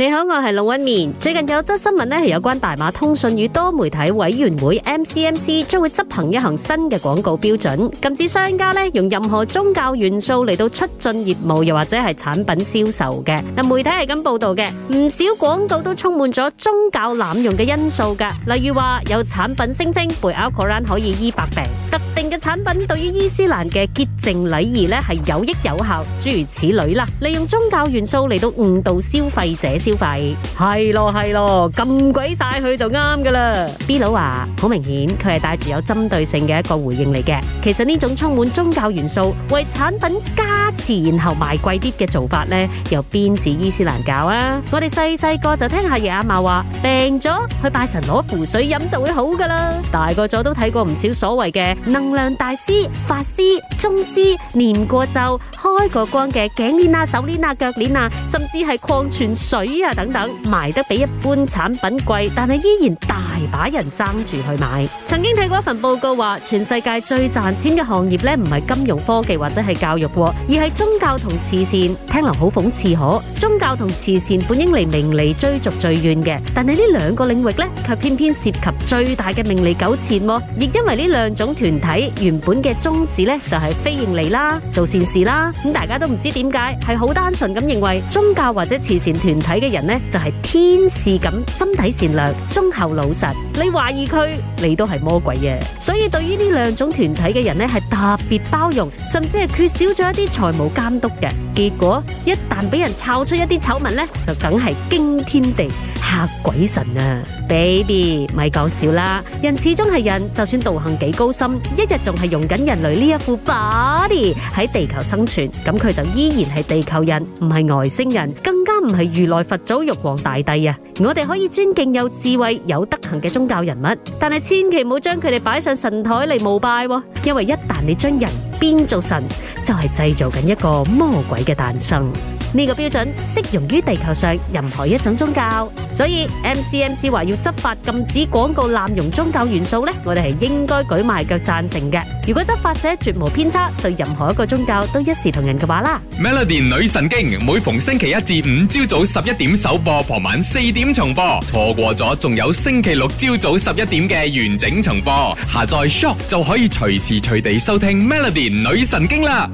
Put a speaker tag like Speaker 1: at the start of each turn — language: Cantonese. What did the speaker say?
Speaker 1: 你好，我係龍紋敏。最近有則新聞咧，係有關大馬通訊與多媒體委員會 （MCMC） 將會執行一項新嘅廣告標準，禁止商家咧用任何宗教元素嚟到促進業務又或者係產品銷售嘅。嗱，媒體係咁報道嘅，唔少廣告都充滿咗宗教濫用嘅因素噶，例如話有產品聲稱背阿可蘭可以醫百病，特定嘅產品對於伊斯蘭嘅潔淨禮儀咧係有益有效，諸如此類啦。利用宗教元素嚟到誤導消費者。消費係咯係咯，咁鬼晒佢就啱噶啦。B 佬話，好明顯，佢係帶住有針對性嘅一個回應嚟嘅。其實呢種充滿宗教元素、為產品加持然後賣貴啲嘅做法呢，又何止伊斯蘭教啊？我哋細細個就聽阿爺阿嫲話病咗去拜神攞符水飲就會好噶啦。大個咗都睇過唔少所謂嘅能量大師、法師、宗師，念過咒、開過光嘅頸鏈啊、手鏈啊、腳鏈啊，甚至係礦泉水。啊！等等，賣得比一般產品貴，但係依然大把人爭住去買。曾經睇過一份報告話，全世界最賺錢嘅行業咧，唔係金融科技或者係教育，而係宗教同慈善。聽落好諷刺可，可宗教同慈善本應離名利追逐最遠嘅，但係呢兩個領域咧，卻偏偏涉及最大嘅名利糾纏。亦因為呢兩種團體原本嘅宗旨咧，就係非盈利啦，做善事啦。咁大家都唔知點解，係好單純咁認為宗教或者慈善團體嘅。人呢就係、是、天使咁，心地善良、忠厚老實。你懷疑佢，你都係魔鬼嘅。所以對於呢兩種團體嘅人呢，係特別包容，甚至係缺少咗一啲財務監督嘅。結果一旦俾人撬出一啲醜聞呢，就梗係驚天地。嚇鬼神啊！Baby 咪講笑啦，人始終係人，就算道行幾高深，一日仲係用緊人類呢一副 body 喺地球生存，咁佢就依然係地球人，唔係外星人，更加唔係如來佛祖、玉皇大帝啊！我哋可以尊敬有智慧、有德行嘅宗教人物，但係千祈唔好將佢哋擺上神台嚟膜拜啊，因為一旦你將人變做神，就係製造緊一個魔鬼嘅誕生。呢個標準適用於地球上任何一種宗教，所以 MCMC 話要執法禁止廣告濫用宗教元素呢，我哋係應該舉埋腳贊成嘅。如果執法者絕無偏差，對任何一個宗教都一視同仁嘅話啦。Melody 女神經每逢星期一至五朝早十一點首播，傍晚四點重播，錯過咗仲有星期六朝早十一點嘅完整重播。下載 Shock 就可以隨時隨地收聽 Melody 女神經啦。